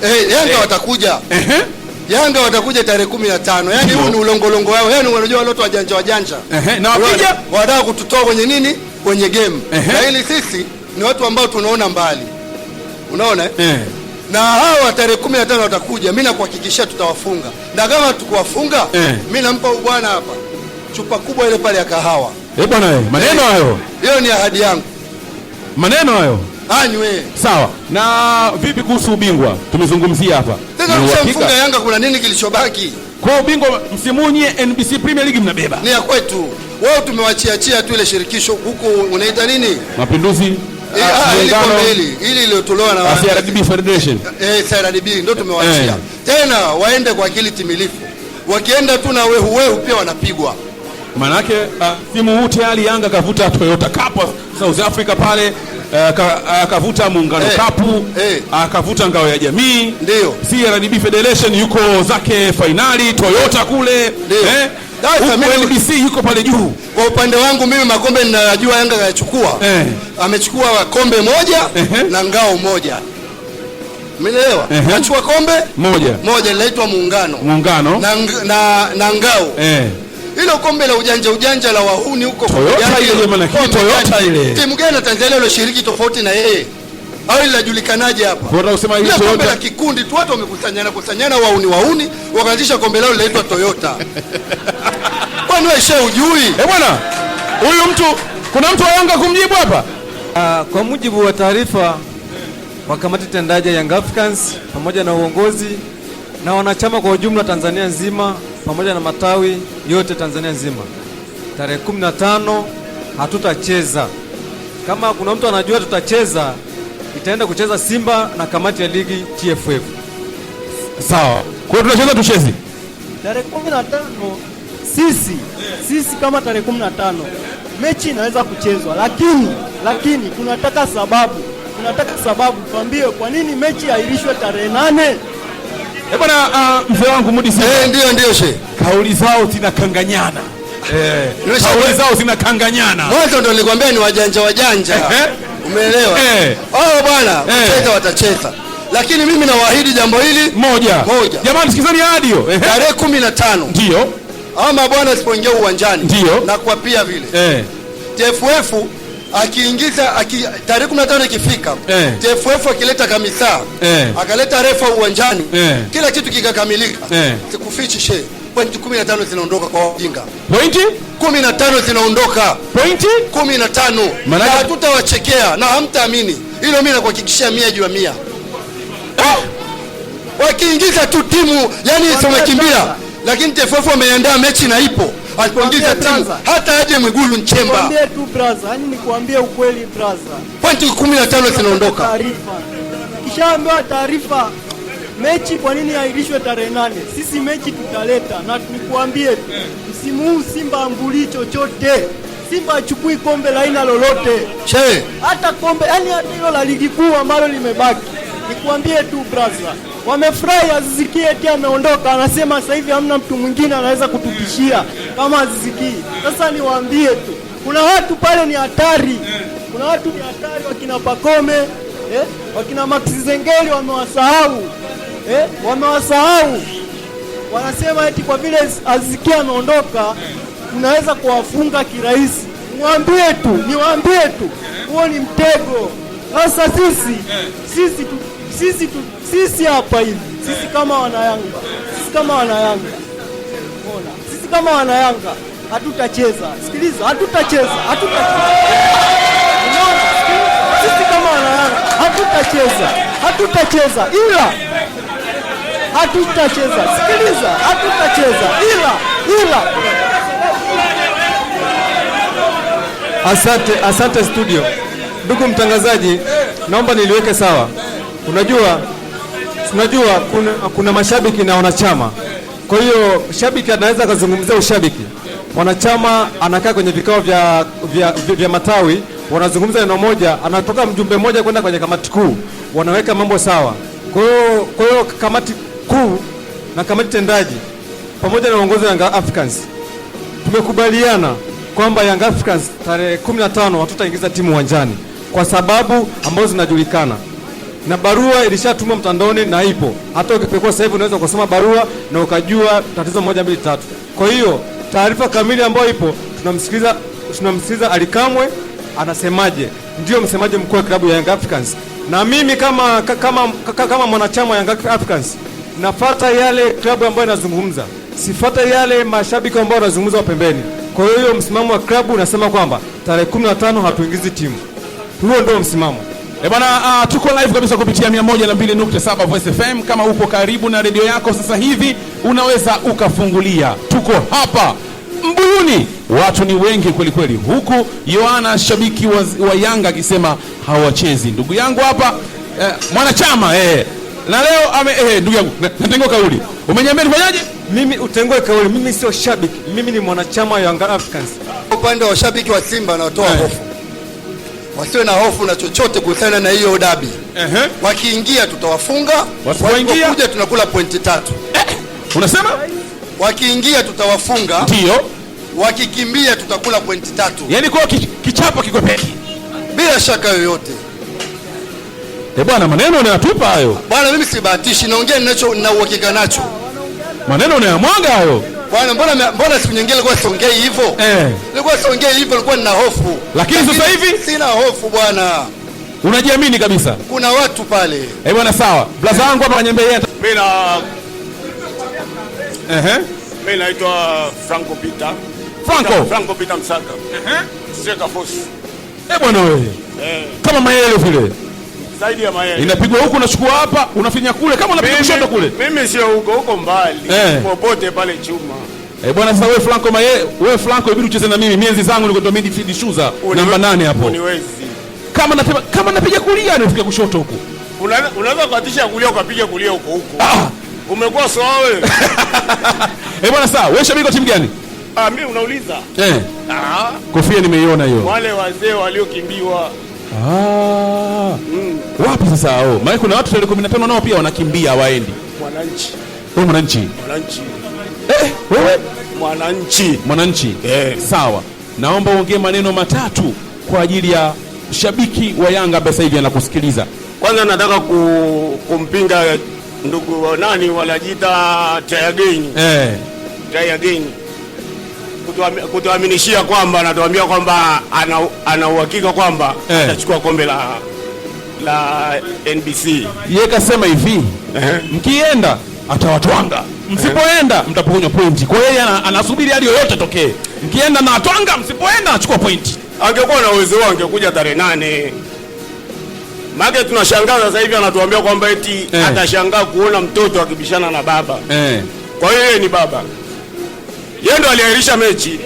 Hey, eh, eh, Yanga hey, eh. watakuja uh-huh. Yanga watakuja tarehe kumi na tano. Yaani huu ni ulongolongo wao. Yaani wanajua watu wajanja wajanja. Eh, na wakija wanataka kututoa kwenye nini? Kwenye game. Na ili sisi ni watu ambao tunaona mbali. Unaona? Eh. Na hawa tarehe kumi na tano watakuja. Mimi nakuhakikishia tutawafunga. Na kama tukuwafunga, mimi nampa bwana hapa chupa kubwa ile pale ya kahawa. Eh, bwana wewe, maneno hayo. Hiyo ni ahadi yangu. Maneno hayo anywe. Sawa. Na vipi kuhusu ubingwa? Tumezungumzia hapa. Mfunga Yanga, kuna nini kilichobaki? Kwa ubingwa msimu nye NBC Premier League mnabeba. Ni ya kwetu. Wao tumewachiachia tu ile shirikisho huko, unaita nini? Mapinduzi. Hili eh, ah, ah, iliyotolewa na ah, CRDB Federation. Eh, CRDB ndio tumewachia eh. Tena waende kwa akili timilifu. Wakienda tu na wehu wehu pia wanapigwa. Manake uh, simu huu tayari Yanga kavuta Toyota Cup South Africa pale Eh, akavuta muungano eh, kapu hey, eh. akavuta ngao ya jamii ndio CRDB Federation yuko zake fainali Toyota kule eh, yuko pale juu. Kwa upande wangu mimi makombe ninayajua Yanga yachukua hey, amechukua kombe moja hey, na ngao moja Umeelewa? Uh -huh. Nachukua kombe moja moja linaitwa muungano muungano na, na, na ngao eh. Hilo kombe la ujanja ujanja la wahuni huko, timu gani ya Tanzania shiriki tofauti na yeye au linajulikanaje hapa? Kombe la kikundi tu, watu wamekusanyana kusanyana, wauni wauni, wakaanzisha kombe lao linaitwa Toyota. Kwani wewe shehe hujui? Eh bwana, huyu mtu, kuna mtu aanga kumjibu hapa. Uh, kwa mujibu wa taarifa wa kamati tendaji ya Young Africans pamoja na uongozi na wanachama kwa ujumla Tanzania nzima pamoja na matawi yote Tanzania nzima. Tarehe kumi na tano hatutacheza. Kama kuna mtu anajua tutacheza, itaenda kucheza Simba na kamati ya ligi TFF. Sawa, kwa tunacheza tuchezi tarehe kumi na tano sisi sisi kama tarehe kumi na tano mechi inaweza kuchezwa, lakini lakini tunataka sababu tunataka sababu tuambie kwa nini mechi hairishwe tarehe nane. Eh bwana, uh, mzee wangu Mudi Eh, ndio ndio she. Kauli zao zinakanganyana. Eh, kauli zao zinakanganyana. Mwanzo ndio nilikwambia ni wajanja wajanja. Eh, eh. Umeelewa? Eh. Oh bwana, eh. watacheza watacheza. Lakini mimi nawaahidi jambo hili moja. Moja. Jamani sikizeni radio. Tarehe 15. Ndio. Ama bwana sipoingia uwanjani. Ndio. Na kuapia vile. Eh. TFF akiingiza aki, tarehe 15 ikifika eh, TFF akileta kamisa eh, akaleta refa uwanjani eh, kila kitu kikakamilika eh, sikufichi she pointi 15 zinaondoka kwa wajinga, pointi 15 zinaondoka, pointi 15 na hatutawachekea na hamtaamini hilo. Mimi nakuhakikishia mia juu ya mia, eh. wakiingiza tu timu yani isomekimbira lakini TFF ameandaa mechi na ipo, alipoingiza timu hata aje Mwigulu Nchemba. Yaani nikwambie ukweli brother, pointi 15 zinaondoka kishaambiwa taarifa mechi kwa nini airishwe tarehe nane? Sisi mechi tutaleta, na tukuambie tu msimu huu Simba ambulii chochote. Simba achukui kombe la aina lolote, hata kombe yani, hata hilo la ligi kuu ambalo limebaki. Nikwambie tu brother wamefurahi. Aziziki eti ameondoka, anasema sasa hivi hamna mtu mwingine anaweza kutupishia kama Aziziki. Sasa niwaambie tu, kuna watu pale ni hatari, kuna watu ni hatari, wakina Pakome eh? wakina Maxi Zengeli wamewasahau eh? wamewasahau wanasema eti kwa vile Aziziki ameondoka tunaweza kuwafunga kirahisi. Niwaambie tu, niwaambie tu, huo ni mtego. Sasa sisi sisi sisi tu, sisi hapa hivi sisi kama wanayanga sisi kama wanayanga ona sisi kama wanayanga hatutacheza. Sikiliza, hatutacheza, hatutacheza. Sisi kama wanayanga hatutacheza, hatutacheza ila hatutacheza. Sikiliza, hatutacheza ila ila. Asante, asante studio. Ndugu mtangazaji, naomba niliweke sawa. Unajua, unajua kuna, kuna mashabiki na wanachama. Kwa hiyo shabiki anaweza akazungumzia ushabiki, wanachama anakaa kwenye vikao vya, vya, vya, vya matawi wanazungumza neno moja, anatoka mjumbe mmoja kwenda kwenye kamati kuu, wanaweka mambo sawa. Kwa hiyo kwa hiyo kamati kuu na kamati tendaji pamoja na uongozi wa Young Africans tumekubaliana kwamba Young Africans tarehe 15 hatutaingiza timu uwanjani kwa sababu ambazo zinajulikana na barua ilishatumwa mtandaoni na ipo. Hata ukipekua sasa hivi unaweza ukasoma barua na ukajua tatizo moja mbili tatu. Kwa hiyo taarifa kamili ambayo ipo, tunamsikiliza tunamsikiliza Alikamwe anasemaje, ndio msemaji mkuu wa klabu ya Young Africans, na mimi kama, kama, kama mwanachama wa Young Africans nafata yale klabu ambayo inazungumza, sifata yale mashabiki ambao wanazungumza pembeni. Kwa hiyo msimamo wa klabu unasema kwamba tarehe 15 hatuingizi timu. Huo ndio msimamo. E bwana, uh, tuko live kabisa kupitia 102.7 Voice FM. Kama uko karibu na redio yako sasa hivi unaweza ukafungulia. Tuko hapa Mbuyuni, watu ni wengi kweli kweli, huku Yohana shabiki wa, wa Yanga akisema hawachezi. Ndugu yangu hapa eh, mwanachama eh, na leo ame eh, ndugu yangu natengo kauli, umeniambia nifanyaje? Mimi utengoe kauli, mimi sio shabiki, mimi ni mwanachama wa Yanga Africans. Upande wa shabiki wa Simba natoa eh. hofu wasiwe na hofu na chochote kuhusiana na hiyo dabi. Uh-huh. Wakiingia tutawafunga, wasipokuja tunakula pointi tatu. Eh, unasema wakiingia tutawafunga, ndio wakikimbia tutakula pointi tatu. yani kwa kichapo kiko bila shaka yoyote. E bwana, maneno unayatupa hayo bwana. Mimi sibahatishi, naongea ninacho na uhakika nacho, maneno unayamwaga hayo. Bwana, mbona mbona siku nyingine nilikuwa siongei hivyo? Eh. Nilikuwa siongei hivyo, nilikuwa nina hofu. Lakini sasa hivi sina hofu bwana. Unajiamini kabisa. Kuna watu pale. Eh, bwana sawa. Blaza wangu hapa kanyembe yeye. Mimi na Eh eh. Mimi naitwa Franco Pita. Franco. Franco Pita Msaka. Eh eh. Sika force. Eh bwana wewe. Eh. Kama maelezo vile zaidi ya mayai. Inapigwa huko unachukua hapa, unafinya kule kama unapiga kushoto kule. Mimi sio huko huko mbali. Eh. Popote pale chuma. Eh, bwana sasa wewe Franco maye, wewe Franco ibidi ucheze na mimi. Mienzi zangu niko tomidi midfield shoes namba 8 hapo. Uniwezi. Kama napiga kama napiga kulia nifikia kushoto huko. Unaweza kuatisha kulia ukapiga kulia huko huko. Ah. Umekuwa sawa wewe. Eh, bwana sasa wewe shabiki wa timu gani? Ah, mimi unauliza. Eh. Ah. Kofia nimeiona hiyo. Wale wazee waliokimbiwa Ah. Wapi sasa hao? Oh, maana kuna watu tarehe 15 nao pia wanakimbia waendi. Mwananchi. Wewe mwananchi. Mwananchi. Eh, wewe mwananchi. Mwananchi. Eh. Sawa. Naomba uongee maneno matatu kwa ajili ya shabiki wa Yanga ambaye sasa hivi anakusikiliza. Kwanza nataka ku, kumpinga ndugu nani wanajiita Tayageni. Eh. Tayageni kutuaminishia kwamba anatuambia kwamba ana uhakika kwamba eh, atachukua kombe la la NBC. Yeye kasema hivi eh, mkienda atawatwanga, eh. msipoenda mtapokonywa pointi. Kwa hiyo anasubiri hali yoyote tokee, mkienda na atwanga, msipoenda achukua pointi. Angekuwa na uwezo angekuja tarehe nane. make tunashangaa sasa hivi anatuambia kwamba eti eh, atashangaa kuona mtoto akibishana na baba eh. Kwa hiyo ni baba yeye ndo aliahirisha mechi,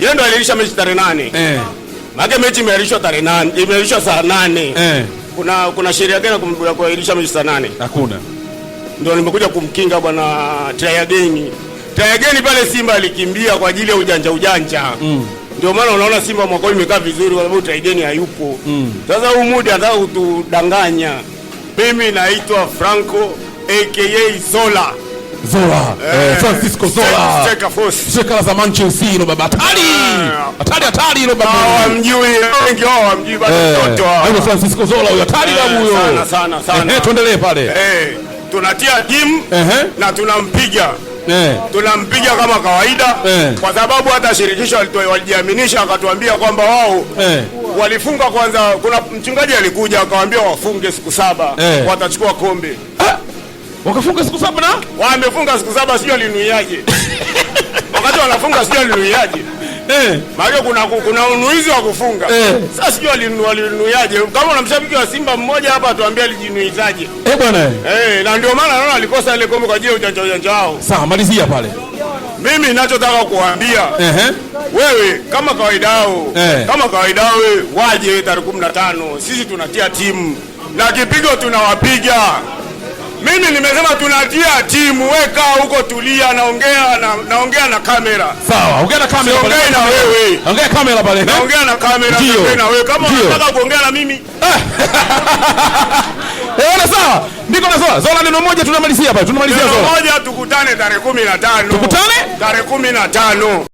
yeye ndo aliahirisha mechi tarehe nane eh. Maana mechi imeahirishwa tarehe nane, imeahirishwa saa nane eh. Kuna kuna sheria gani ya kuahirisha mechi saa nane? Hakuna. Ndio nimekuja kumkinga bwana Tryageni. Tryageni pale Simba alikimbia kwa ajili ya ujanja ujanja mm. Ndio maana unaona Simba mwaka huu imekaa vizuri kwa sababu Tryageni hayupo mm. sasa mm. Huu mudi anataka kutudanganya. Mimi naitwa Franco aka Sola Zola eh, eh Francisco Zola shekara za Manchester ilo baba hatari hatari eh. hatari ilo baba, hawamjui wengi wao hawamjui bado eh, mtoto hao. Francisco Zola huyo hatari baba huyo sana sana sana. Eh, tuendelee pale eh, tunatia timu eh, na tunampiga Eh. Tunampiga kama kawaida eh, kwa sababu hata shirikisho walijiaminisha wakatuambia kwamba wao eh, walifunga kwanza. Kuna mchungaji alikuja akawaambia wafunge siku saba eh, watachukua kombe wakafunga siku saba na wamefunga siku saba, sio alinuiaje wakati wanafunga, sio alinuiaje Eh. Maana kuna kuna unuizi wa kufunga. Eh. Sasa sijui alinuiaje. Kama una mshabiki wa Simba mmoja hapa atuambie alijinuizaje. Eh, bwana. Eh, na ndio maana naona alikosa ile kombe kwa jeu ya ujanja wao. Sawa, malizia pale. Mimi ninachotaka kuambia eh, Wewe kama kawaida yao eh. Kama kawaida wewe waje tarehe 15 sisi tunatia timu na kipigo tunawapiga mimi nimesema tunatia timu, weka huko, tulia, naongea na naongea na kamera. Sawa, ongea na kamera pale. Ongea na wewe. Ongea kamera pale. Naongea na kamera, ongea na wewe. Kama unataka kuongea na mimi. Eh, na sawa. Ndiko na sawa. Zola neno moja tunamalizia pale. Tunamalizia Zola. Neno moja tukutane tarehe 15. Tukutane? Tarehe 15.